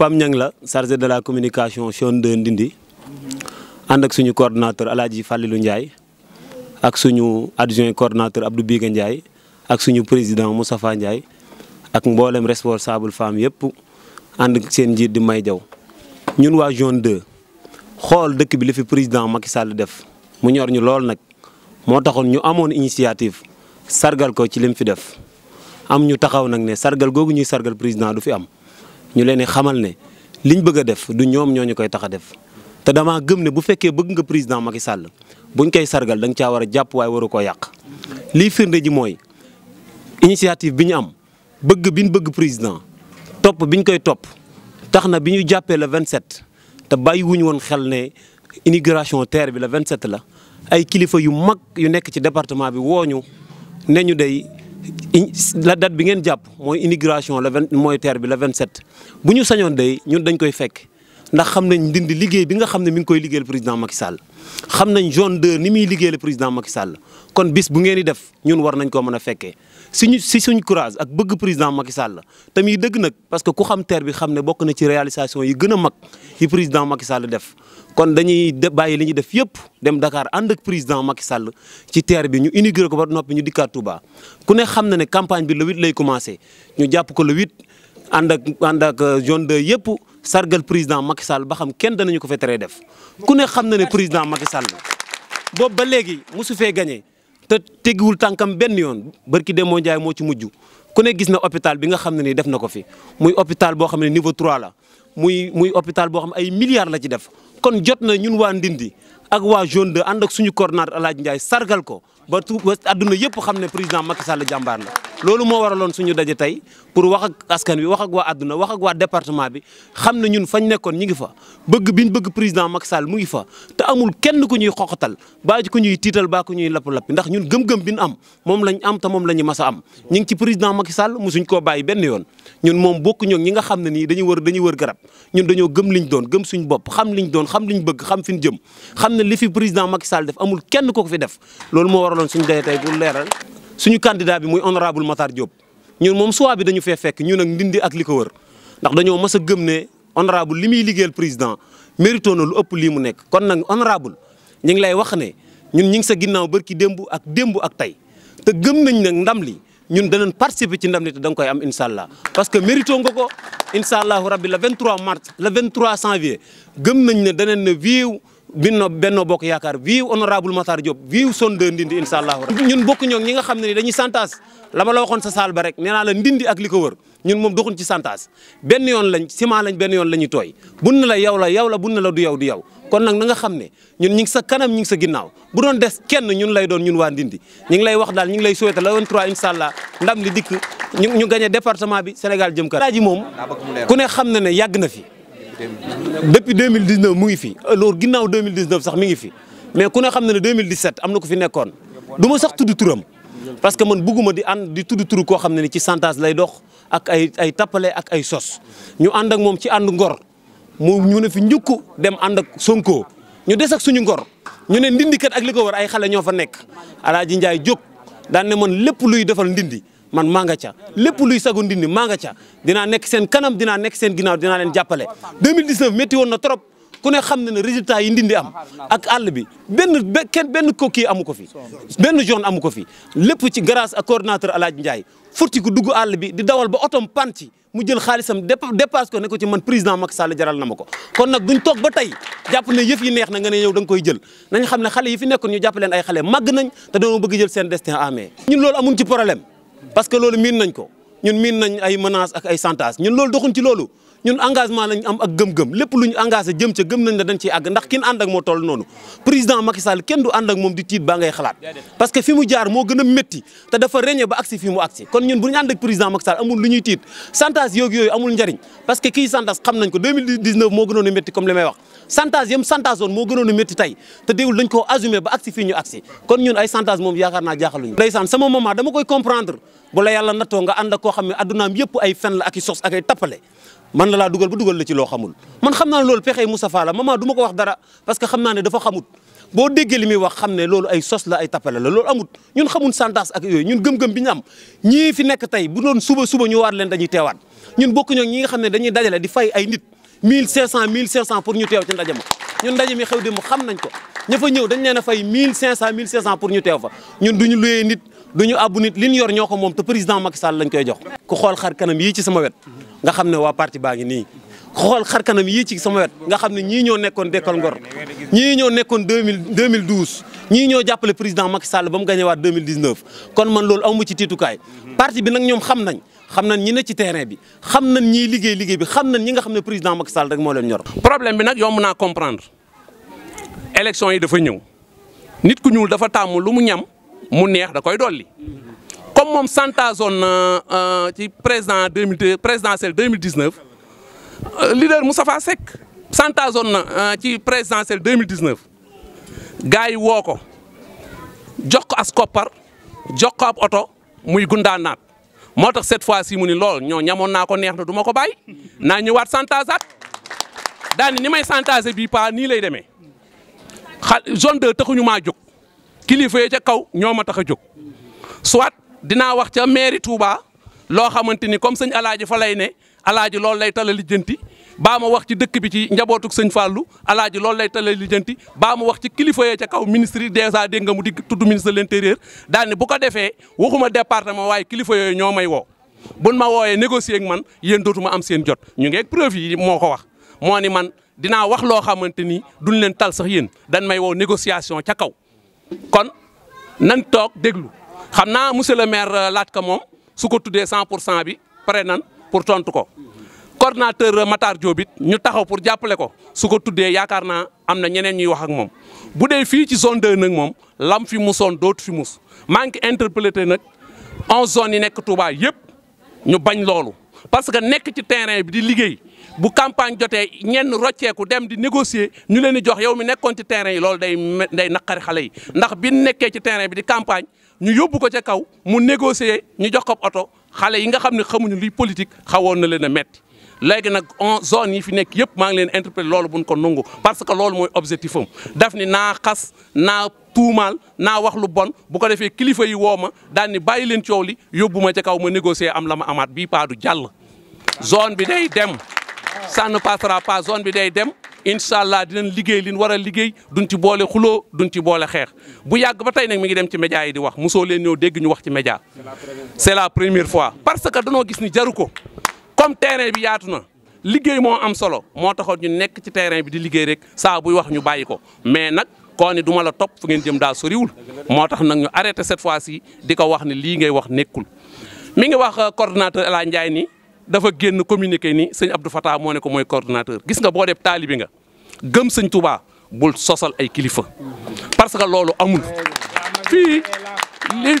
Pam Niang la chargé de la communication zone 2 Ndindi ànd ak suñu coordonnateur El Hadj Fallilou Ndiaye ak suñu adjoint coordonnateur Abdou Biga Ndiaye ak suñu président Moustapha Ndiaye ak mboolem responsable femme yëpp ànd ak seen njiit di May Jaw ñun waa zone 2 xool dëkk bi li fi président Macky Sall def mu ñor ñu lool nag moo taxoon ñu amoon initiative sargal ko ci lim fi def am ñu taxaw nag ne sargal googu ñuy sargal président du fi am. ñu leen xamal ne liñ bëgg a def du ñoom ñoo ñu koy tax a def te damaa gëm ne bu fekkee bëgg nga président Macky Sall buñ koy sargal da nga caa war a jàpp waaye waru koo yàq lii firnde ji mooy initiative bi ñu am bëgg biñ bëgg président topp biñ koy topp tax na bi ñu jàppee le 27 te bàyyi woon xel ne inauguration terre bi le 27 la ay kilifa yu mag yu nekk ci département bi wooñu ne ñu day la date bi ngeen jàpp mooy inauguration la vingt mooy terre bi la vingt sept bu ñu sañoon dey ñun dañ koy fekk ndax xam nañ ndindi liggéey bi nga xam ne mu ngi koy liggéeyal président Macky Sall xam nañ zone 2 ni muy liggéeyal président Macky Sall kon bis bu ngeen di def ñun war nañ koo mën a fekkee. suñu si suñ courage ak bëgg président Macky Sall la tamit dëgg nag parce que ku xam TER bi xam ne bokk na ci réalisation yi gën a mag yi président Macky Sall def kon dañuy bàyyi li ñuy def yëpp dem Dakar ànd ak président Macky Sall ci TER bi ñu inauguré ko ba noppi ñu dikkaat Touba ku ne xam na ne campagne bi le huit lay commencé ñu jàpp ko le huit ànd ak ànd ak euh, zone 2 yëpp sargal président Macky Sall ba xam kenn danañu ko fa teree def ku ne xam na ne président Macky Sall boobu ba léegi mosu fee te tegiwul tànkam benn yoon barki Demba Ndiaye moo ci mujj ku ne gis na hôpital bi nga xam ne nii def na ko fi muy opital boo xam ne niveau trois la muy muy hôpital boo xam ne ay milliards la ci def kon jot na ñun waa Ndindi ak waa zone de ànd ak suñu coordonnateur El Hadj Ndiaye sargal ko ba tout ba adduna yëpp xam ne président Macky Sall jàmbaar la. loolu moo waraloon suñu daje tey pour wax ak askan bi wax ak waa àdduna wax ak waa département bi xam ne ñun fañ nekkoon ñu ngi fa bëgg biñ bëgg président Macky Sall mu ngi fa te amul kenn ku ñuy xoqatal baa ku ñuy tiital baa ñuy lapp-lapp ndax ñun gëm-gëm bi ñu am moom lañ am te moom la a am ñu ngi ci président Macky Sall musuñ koo bàyyi benn yoon ñun moom bokku ñoog ñi nga xam ne nii dañuy wër dañuy wër garab ñun dañoo gëm liñ doon gëm suñ bopp xam liñ doon xam liñ bëgg xam fi ñu jëm xam ne li fi président Macky Sall def amul kenn ko ko fi def loolu moo waraloon suñu daje tey pour leeral suñu candidat bi muy honorable Matar Diop ñun moom choix bi dañu fee fekk ñun ak ndindi ak li ko wër ndax dañoo mës a gëm ne honorable li muy liggéeyal président mérito na lu ëpp lii mu nekk kon nag honorable ñu ngi lay wax ne ñun ñu ngi sa ginnaaw bërki démb ak démb ak tey te gëm nañ nag ndam li ñun danañ participer ci ndam li te da nga koy am incha allah parce que mérito nga ko incha allahu rabbi le 23 mars le 23 janvier gëm nañ ne danañ ne viiw binno Benno Bokk Yaakaar vive honorable Matar Diop vive zone 2 Ndindi incha allahu ñun bokk ñoo ñi nga xam ne ni dañuy santaas la ma la waxoon sa saal ba rek nee naa la Ndindi ak li ko wër ñun moom doxuñ ci santaas benn yoon lañ ciment lañ benn yoon la ñuy tooy bun na la yow la yow la bu na la du yow du yow kon nag na nga xam ne ñun ñi ngi sa kanam ñi ngi sa ginnaaw bu doon des kenn ñun lay doon ñun waa Ndindi ñi ngi lay wax daal ñi ngi lay souhaiter la 23 incha allah ndam li dikk ñu ñu département bi Sénégal jëm kanam. ji moom ku ne xam na ne yàgg na fi depuis 2019 mu ngi fi loor ginnaaw 2019 sax mi ngi fi mais ku ne xam na ne 2017 am na ku fi nekkoon du ma sax tudd turam parce que man bugguma di ànd di tudd turu koo xam ne ni ci chantage lay dox ak ay ay tappale ak ay sos ñu ànd ak moom ci ànd ngor mu ñu ne fi njukk dem ànd ak Sonko ñu des ak suñu ngor ñu ne ndindi kat ak li ko war ay xale ñoo fa nekk Alaaji Njaay jóg daan ne man lépp luy defal ndindi man maa nga ca lépp luy sagu Ndindy maa nga ca dinaa nekk seen kanam dina nekk seen ginnaaw dinaa leen jàppale 2019 métti woon na trop ku ne xam na résultat yi Ndindy am ak àll bi benn kenn benn kooku amu ko fi benn zone amu ko fi lépp ci grâce ak coordonnateur Alaaji Ndiaye furti ku dugg àll bi di dawal ba otom panti mu jël xaalisam dépasse ko ne ko ci man président mak Sall jaral na ma ko kon nag duñ toog ba tey jàpp ne yëf yi neex na nga ne yow da nga koy jël nañ xam ne xale yi fi nekkoon ñu jàpp ay xale màgg nañ te dañoo bëgg destin amee ñun loolu amuñ ci problème parce que loolu miin nañ ko ñun miin nañ ay menaces ak ay chantage ñun loolu doxuñ ci loolu ñun engagement lañ am ak gëm-gëm lépp lu ñu engagé jëm ca gëm nañ la dañ ciy àgg ndax kin ànd moo toll noonu président Macky kenn du ànd moom di tiit baa ngay xalaat parce que fi jaar moo gën a métti te dafa régné ba agsi fi mu kon ñun ak président Macky Sall amul lu ñuy tiit chantage yooyu yooyu amul njariñ parce que kii chantage xam a métti comme li may wax chantage yam chantage woon a métti tey te déewul dañ koo assumé ba agsi fii ñu agsi kon ñun ay chantage moom yaakaar naa jaaxaluñu ndeysaan sama maman dama koy comprendre bu la yàlla nattoo nga ànd ak koo xam ne addunaam yëpp ay fen la ak i tappale man la laa dugal ba dugal la ci loo xamul man xam naa ne loolu pexey Moustapha la maman du ma ko wax dara parce que xam naa ne dafa xamut boo déggee li wax xam ne loolu ay sos la ay tapale la lool amut ñun xamul santas ak yooyu ñun gëm-gëm bi ñu am ñii fi nekk tey bu noon suba suba ñu waar leen dañuy teewaat ñun bokk ñoo ñi nga xam ne dañuy dajale di fay ay nit 1500 1500 pour ñu teew ci ndaje ma ñun ndaje mi xew di xam nañ ko ña fa ñëw dañ leen a fay 1500 1500 pour ñu teew fa ñun duñu luyee nit duñu abbu nit li ñu yor ñoo ko moom te président Macky Sall lañ koy jox ku xool xar kanam yii ci sama nga xam ne waa parti baa ngi nii xool xar kanam yii ci sama wet nga xam ne ñii ñoo nekkoon dekkal ngor ñii ñoo nekkoon deux mille deux mille douze ñii ñoo jàppale président Macky Sall ba mu gagné waat deux mille dix neuf kon man loolu amu ci tiitukaay parti bi nag ñoom xam nañ xam nañ ñi ne ci terrain bi xam nañ ñiy liggéey liggéey bi xam nañ ñi nga xam ne président Macky Sall rek moo leen ñor. problème bi nag yomb naa comprendre élection yi dafa ñëw nit ku ñuul dafa tàmm lu mu ñam mu neex da koy dolli. comme moom santa na euh, euh, ci président deux mille présidentielle deux mille dix neuf euh, leader Moustapha Seck santazoon na ci présidentielle deux mille dix neuf gars yi woo ko jox ko as koppar jox ko ab oto muy naat moo tax cette fois ci mu ni lool ñoo ñamoon naa ko neex na du ko bàyyi naa ñëwaat santazaat daani ni may santage bii pa nii lay demee xa zone 2 taxuñu maa jóg kilifa yi ca kaw ñoo ma tax a jóg soit dinaa wax ca mairie Touba loo xamante ni comme sëñ alaaji fa lay ne alaaji loolu lay tala lijjanti baa ma wax ci dëkk bi ci njabootug sëñ Fallou alaaji loolu lay tala lijjanti baa ma wax ci kilifa yee ca kaw ministre yi dèjà dégg nga mu digg tudd ministre de l'intérieur daal ni bu ko defee waxuma departement waaye kilifa yooyu ñoo may woo buñ ma wooyee négocier ak man yéen dootuma am seen jot ñu ngi ak moo ko wax moo ni man dinaa wax loo xamante ni duñ leen tal sax yéen dañ may woo négociation ca kaw kon nan toog déglu xam naa monsieur le maire euh, laaj ko moom su ko tuddee 100 pour cent bi pare nan pour tontu ko coordonnateur euh, Matar Diop ñu taxaw pour jàppale ko su ko tuddee yaakaar naa am na ñeneen ñuy wax ak moom. bu dee fii ci zone 2 nag moom lam fi musoon dootu fi mus maa ngi interpellé nag 11 zones yi nekk tubaay yëpp ñu bañ loolu. parce que nekk ci terrain bi di liggéey bu campagne jotee ñenn rocceeku dem di négocier ñu leen di jox yow mi nekkoon ci terrain yi loolu day day naqari xale yi ndax bi nekkee ci terrain bi di campagne. ñu yóbbu ko ca kaw mu négocier ñu jox ko oto xale yi nga xam ne xamuñu luy politique xawoon na leen a metti léegi nag en zone yi fi nekk yëpp maa ngi leen interpellé loolu buñ ko nangu parce que loolu mooy objectif am daf ni naa xas naa tuumaal naa wax lu bon bu ko defee kilifa yi woo ma daal ni bàyyi leen coow li yóbbu ma ca kaw ma négocier am la ma amaat bii paadu jàll zone bi day dem ça ne passera pas zone bi day dem incha allah dinañ liggéey li ñu war a liggéey duñ ci boole xuloo duñ ci boole xeex bu yàgg ba tey nag mi ngi dem ci média yi di wax mosoo leen ñëw dégg ñu wax ci média c'est la première fois parce que danoo gis ni jaru ko comme terrain bi yaatu na liggéey moo am solo moo taxoon ñu nekk ci terrain bi di liggéey rek saa buy wax ñu bàyyi ko mais nag koo ni du ma la topp fu ngeen jëm daal soriwul moo tax nag ñu arrêté cette fois ci di ko wax ne lii ngay wax nekkul mi ngi wax euh, coordonnateur El Hadj dafa génn communiqué nii sëñ Abdou Fatah moo ne ko mooy coordonnateur gis nga boo def taalibi nga gëm sëñ Touba bul sosal ay kilifa parce que loolu amul fii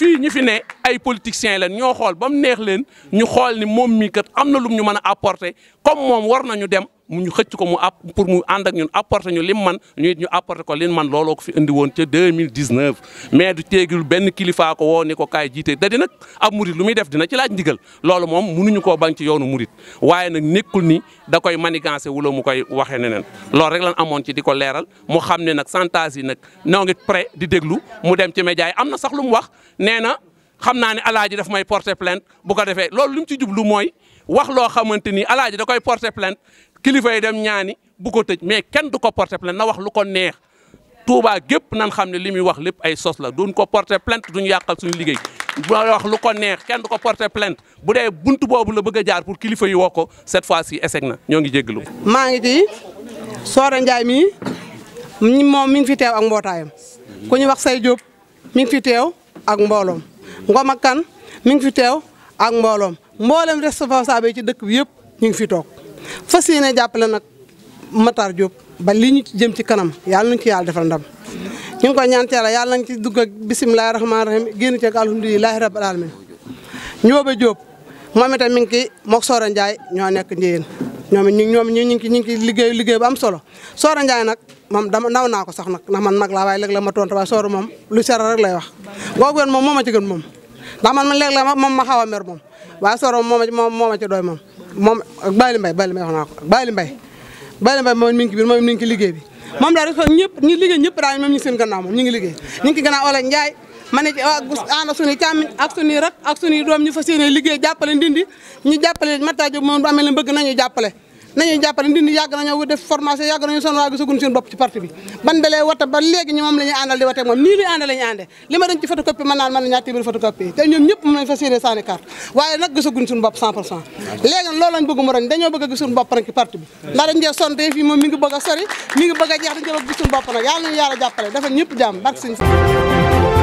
fii ñi fi ne ay politiciens la ñoo xool ba mu neex leen ñu xool ni moom mii kat am na lum ñu mën a apporter comme moom war nañu dem ñu xëcc ko mu app pour mu ànd ak ñun apporter ñu lim man ñu it ñu apporter ko lim man looloo ko fi indi woon ca 2019 mais du teegul benn kilifaa ko woo ni ko kaay jiite da di nag ab murit lu muy def dina ci laaj ndigal loolu moom mënuñu koo bañ ci yoonu murit waaye nag nekkul ni da koy manigancé wula mu koy waxee neneen loolu rek lan amoon ci di ko leeral mu xam ne nag chantage yi nag noo ngi prêt di déglu mu dem ci média am na sax lu mu wax nee na xam naa ne alaaji daf may porter plainte bu ko defee loolu li mu ci jublu mooy wax loo xamante ni alaaji da koy porter plainte kilifa yi dem ñaani bu ko tëj mais kenn du ko porter plainte na wax lu ko neex Touba gépp nan xam ne li muy wax lépp ay sos la duñ ko porter plainte duñ yàqal suñu liggéey ma wax lu ko neex kenn du ko porter plainte bu dee buntu boobu la bëgg a jaar pour kilifa yi woo ko cette fois si échec na ñoo ngi jéggalu. maa ngi ci Soora Ndiaye mii moom mi ngi fi teew ak mbootaayam ku ñu wax say Diop mi ngi fi teew ak mbooloom Ngom ak kan ngi fi teew ak mbooloom mboolem responsable yi ci dëkk bi yëpp ñu ngi fi toog. fas yéene jàppale nag Matar Diop ba li ñu ci jëm ci kanam yàlla nañu ci yàlla defal ndam ñu ko koy ñaan ci yàlla yàlla nañ ci dugg ak bisimilah rahmaani rahiim génn ci ak alhamdulilah rabbil alamin ñooba Diop moom itam mi ngi ki mook Soora Ndiaye ñoo nekk njiyéen ñoo it ñu ñoom ñu ngi ñu ngi ci liggéey liggéey bu am solo Soora Ndiaye nag moom dama naw naa ko sax nag ndax man mag laa waaye léeg-léeg ma tontu waaye moom lu sera rek lay wax googu yoon moom moo ma ci moom ndax man man moom ma xaw a mer moom waaye Soora ma ci doy moom moom ak Baali Mbaye Baali Mbaye wax naa ko ak Baali Mbaye Baali Mbaye moom mi ngi ci biir moom mi ngi ci liggéey bi moom daal dafa ñëpp ñi liggéey ñëpp daal moom ñu seen gannaaw moom ñu ngi liggéey ñu ngi ci gannaaw ma ne ci ànd ak suñuy càmmiñ ak ak suñuy doom ñu fas yéene liggéey jàppale ndindi ñu jàppale Matta Diop moom du amee bëgg nañu jàppale nañuy jàppale ndindi yàgg nañoo def formation yàgg nañu sonn waaye gisaguñu suñu bopp ci parti bi ban belee wata ba léegi ñu moom la àndal di watee moom nii luy àndal la ñuy li ma dañ ci photocopie mën naan mën na ñaar téeméeri photocopie te ñoom ñëpp moom lañ fa séenee sànni carte waaye nag gisaguñu suñu bopp 100 pour cent nag loolu lañ bëgg mu roñ dañoo bëgg a gis bopp nag ci parti bi ndax dañ cee sonn fii moom mi ngi bëgg a sori mi ngi bëgg